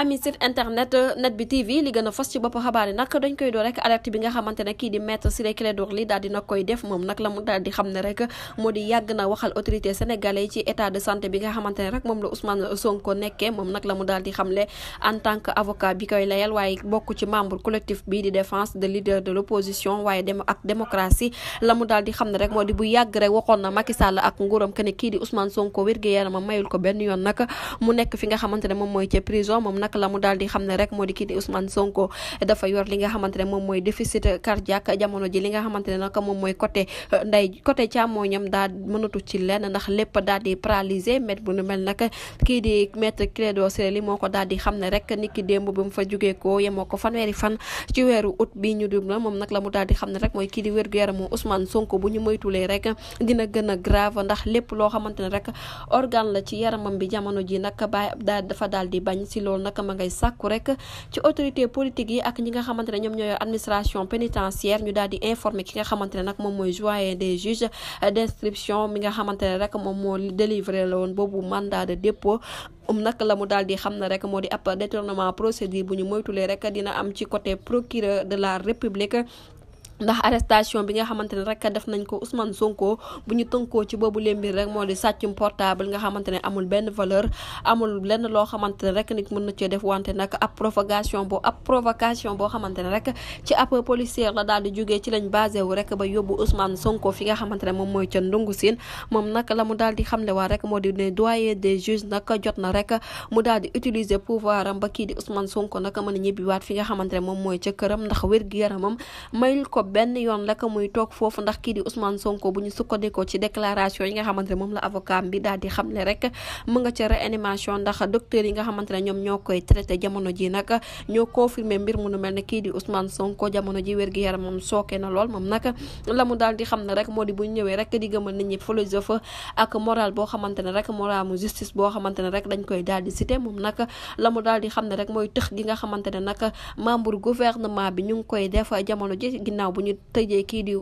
ami site internet euh, net bi tv li a fos ci bopp xabaar yi nag dañ koy doo rek alerte bi nga xamante ne kii di maître Ciré Clédor daal dina koy def moom nag la daal di xam ne rek na waxal ne rek moom la Ousmane Sonko nekkee moom nag la mu en tant que avocat bi koy layal waaye bokk ci membre collectif bi di défense de leader de l'opposition waaye dem ak démocratie la mu daal di xam ne rek moo di bu yàgg rek waxoon na Macky Sall ak nguuram que ne kii di Ousmane Sonko wér gu mayul ko benn yoon nag mu nekk nag la mu daal di xam ne rek moo di kii di Ousmane Sonko dafa mooy déficit cardiaque jamono ji li nga xamante ne moom mooy côté euh, nday côté càmmooñam daal mënatu ci lenn ndax lépp daal di paralysé met bu nu mel nag kii di maître Clédor Ciré ko di xam ne rek nit ki démb fa jugee ko yemoo ko fanweeri fan ci weeru août bi ñu dum la moom nag la mu daal di xam ne rek mooy kii di wér-gu-yaramu Ousmane Sonko bu ñu moytulee rek dina gën a grave ndax lépp loo xamante ne rek organe la nag ma ngay sàkku rek ci autorité politique yi ak ñi nga xamante ne ñoom ñoo administration pénitentiaire ñu daal di informer ki nga xamante ne moom mooy doyen des juges d'instruction mi nga xamante rek moom moo délivré la woon boobu mandat de dépôt um nag la mu daal di xam ne rek moo di ab détournement procédure bu ñu moytulee rek dina am ci côté procureur de la république ndax arrestation bi nga xamante ne rek def nañ ko Ousmane Sonko bu ñu tënkoo ci boobu leen mbir moo di sàccum portable nga xamante ne amul benn valeur amul lenn loo xamante ne rek nit mën na cee def wante nag ab provocation bo ab boo xamante ne rek ci ab policière la daal di jógee ci lañ basé wu rek ba yóbbu Ousmane Sonko fi nga xamante ne moom mooy ca ndungu siin moom nag la mu daal di xamle waa rek moo di ne doyen des juges nag jot na rek mu daal di utiliser pouvoir am ba kii di Ousmane Sonko nag mën a ñibbiwaat fi nga xamante ne moom mooy ca këram ndax wér gu ko benn yoon la ko muy toog foofu ndax kii di Ousmane Sonko bu ñu sukkandikoo ci déclaration yi nga xamante ne moom la avocat bi daal di xamle rek mu nga ca réanimation ndax docteur yi nga xamante ne ñoom ñoo koy traité jamono ji nag ñoo confirmé mbir mu nu mel ne kii di Ousmane Sonko jamono ji wér gi yaram moom sooke na lool moom nag la mu daal di xam ne rek moo di bu ñu ñëwee rek di gëmal nit ñi philosophe ak moral boo xamante ne rek moral mu justice boo xamante ne rek dañ koy daal di cité moom nag la mu daal di xam ne rek mooy tëx gi nga xamante ne nag membre gouvernement bi ñu ngi koy def jamono ji ginnaaw bu ñu tëjee kii di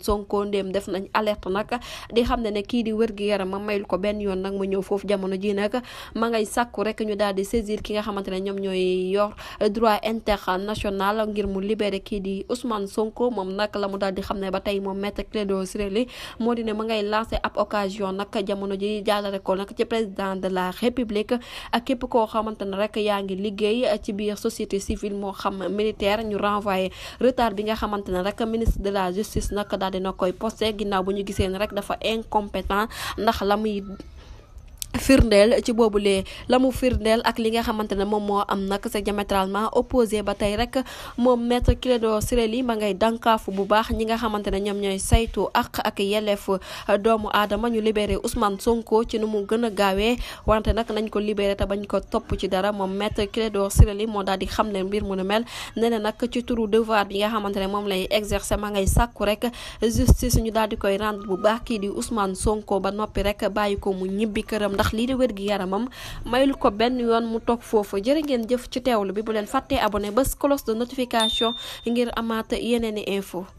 Sonko ndéem def na alerte nag di xam ne ne kii di wér gi yaram ma mayul ko benn yoon nag mu ñëw foofu jamono ji nag ma ngay sàkku rek ñu daal di saisir ki nga xamante ne ñoom ñooy yor droit international ngir mu libéré kii di Ousmane Sonko moom nag la mu daal di xam ne ba tey moom Maître Clédor Ciré Ly moo di ne ma ngay lancé ab occasion nag jamono ji jàllale ko nag ci président de la république ak képp koo xamante ne rek yaa ngi liggéey ci biir société civile moo xam militaire ministre de la justice nag daal dina koy posté ginnaaw bu ñu gisee ni dafa incompétent ndax la muy firndeel ci boobulee la mu firndeel ak li nga xamante ne moom moo am nag c'est diamétralement opposé ba tey rek moom maître Clédor Ciré Ly ma ngay dànkaafu bu baax ñi nga xamante ne ñoom ñooy saytu ak ak yelleef doomu aadama ñu libéré Ousmane Sonko ci nu mu gën a gaawee wante nag nañ ko libéré te bañ ko topp ci dara moom maître Clédor Ciré Ly moo daal di xam leen mbir mu nu mel nee na nag ci turu devoir bi nga xamante ne moom lay exercer ma ngay sàkku rek justice ñu daal di koy rend bu baax kii di Ousmane Sonko ba noppi rek bàyyi ko mu ñibbi këram ndax lii de wér gi yaramam mayul ko benn yoon mu toog foofa jërë ngeen jëf ci teewlu bi bu leen fàttee abonné bés cloche de notification ngir amaat yeneeni info